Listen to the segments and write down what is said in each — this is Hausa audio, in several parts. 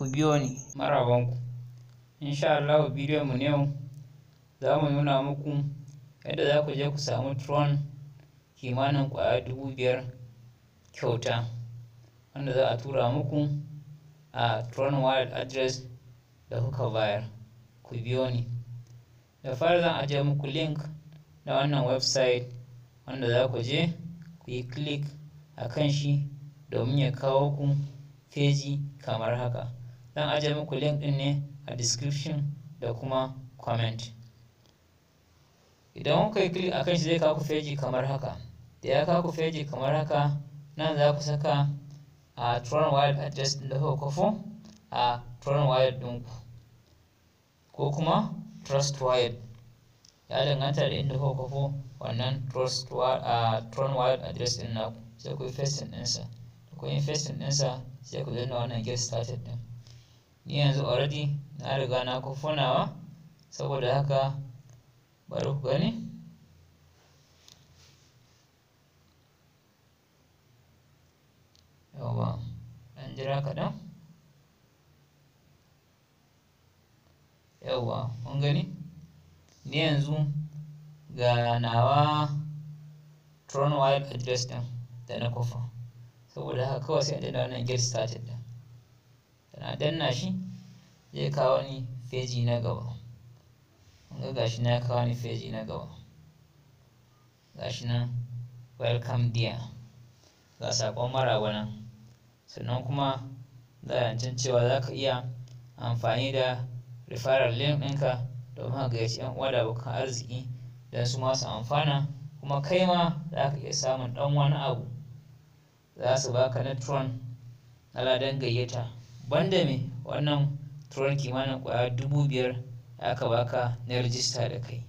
ku biyo ni marabanku insha Allah bidiyon mu yau za mu nuna muku yadda za ku je ku samu tron kimanin kwaya dubu biyar kyauta wanda za a tura muku a tron wallet address da kuka bayar ku biyo ni da fara zan aje muku link na wannan website wanda za ku je ku yi click a kan shi domin ya kawo ku feji kamar haka zan ajiye muku link din ne a description da kuma comment idan kuka yi click akan shi zai kawo feji kamar haka da ya kawo feji kamar haka nan za ku saka a tron wild address ɗin da kuka kofo a tron wild ku ko kuma trust wild ya danganta da inda kuka kofo wannan trust a tron wild address ɗin naku sai ku yi facing ɗinsa da ku yi facing ɗinsa sai ku danna wannan get started din ni yanzu already na riga na kufunawa saboda haka bari ku gani yawa ɗan jira kaɗan yawa kun gani ni yanzu ga nawa tron wide address ɗin da na kufa saboda haka kawai sai a da wannan get started ɗin na danna shi zai kawo ni feji na gaba ga gashi na kawo ni feji na gaba gashi nan welcome dear ga saƙon maraba nan sannan kuma za a yancin cewa za ka iya amfani da referral link ɗinka domin ka gayyaci ‘yan uwa da abokan arziki don su masu amfana kuma kai ma za ka iya samun ɗan wani abu za su baka neutron na ladan gayyata banda me wannan turon kimanin ƙwaya dubu biyar da aka baka na rijista da kai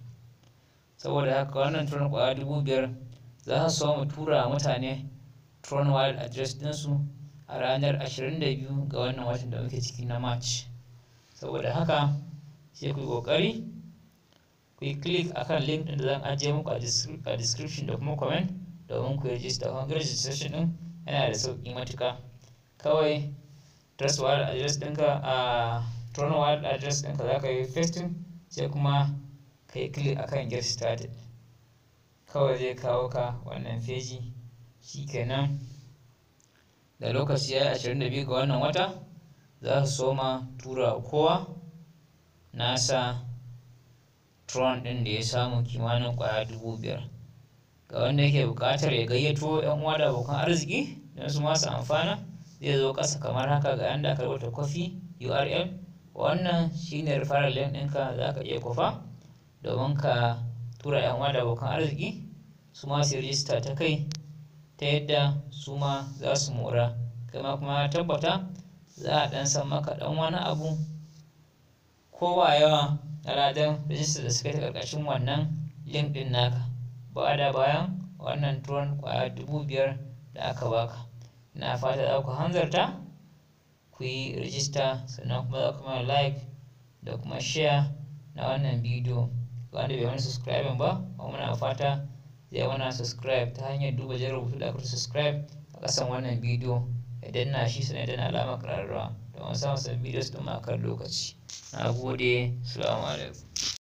saboda haka wannan turon ƙwaya dubu biyar za su so mu tura mutane turon wild address ɗinsu a ranar 22 ga wannan watan da muke ciki na march saboda haka sai ku yi ƙoƙari ku yi click akan link ɗin da zan ajiye muku a description da kuma comment domin ku yi rijista kuma registration ɗin yana da sauƙi matuƙa kawai trust wallet address ɗinka a turn wallet address ɗinka za ka yi pasting sai kuma ka yi click kan get started kawai zai kawo ka wannan feji kenan da lokaci ya yi ashirin da biyu ga wannan wata za su soma tura kowa nasa tron ɗin da ya samu kimanin ƙwaya dubu biyar ga wanda yake buƙatar ya gayyato 'yan uwa da abokan arziki don su masu amfana zai zo ƙasa kamar haka ga yanda aka rubuta kofi url wannan shine referral link ɗinka za ka iya kwafa domin ka tura yan uwa da abokan arziki su ma su rijista ta kai ta yadda su ma za su mora ma kuma tabbata za a ɗan san maka ɗan wani abu kowa yawa na ladan rijista da suka yi ta ƙarƙashin wannan link ɗin naka ba da bayan wannan turon ƙwaya dubu biyar da aka baka na fata za ku hanzarta ku yi rijista sannan kuma za ku mara like da kuma share na wannan bidiyo wanda bai wani subscribe ba kuma muna fata zai mana subscribe ta hanyar duba jan rubutu da kuma subscribe a ƙasan wannan bidiyo idan na shi sannan na alamar ƙararrawa don samun sabbin bidiyo su ɗin makar lokaci na gode salamu alaikum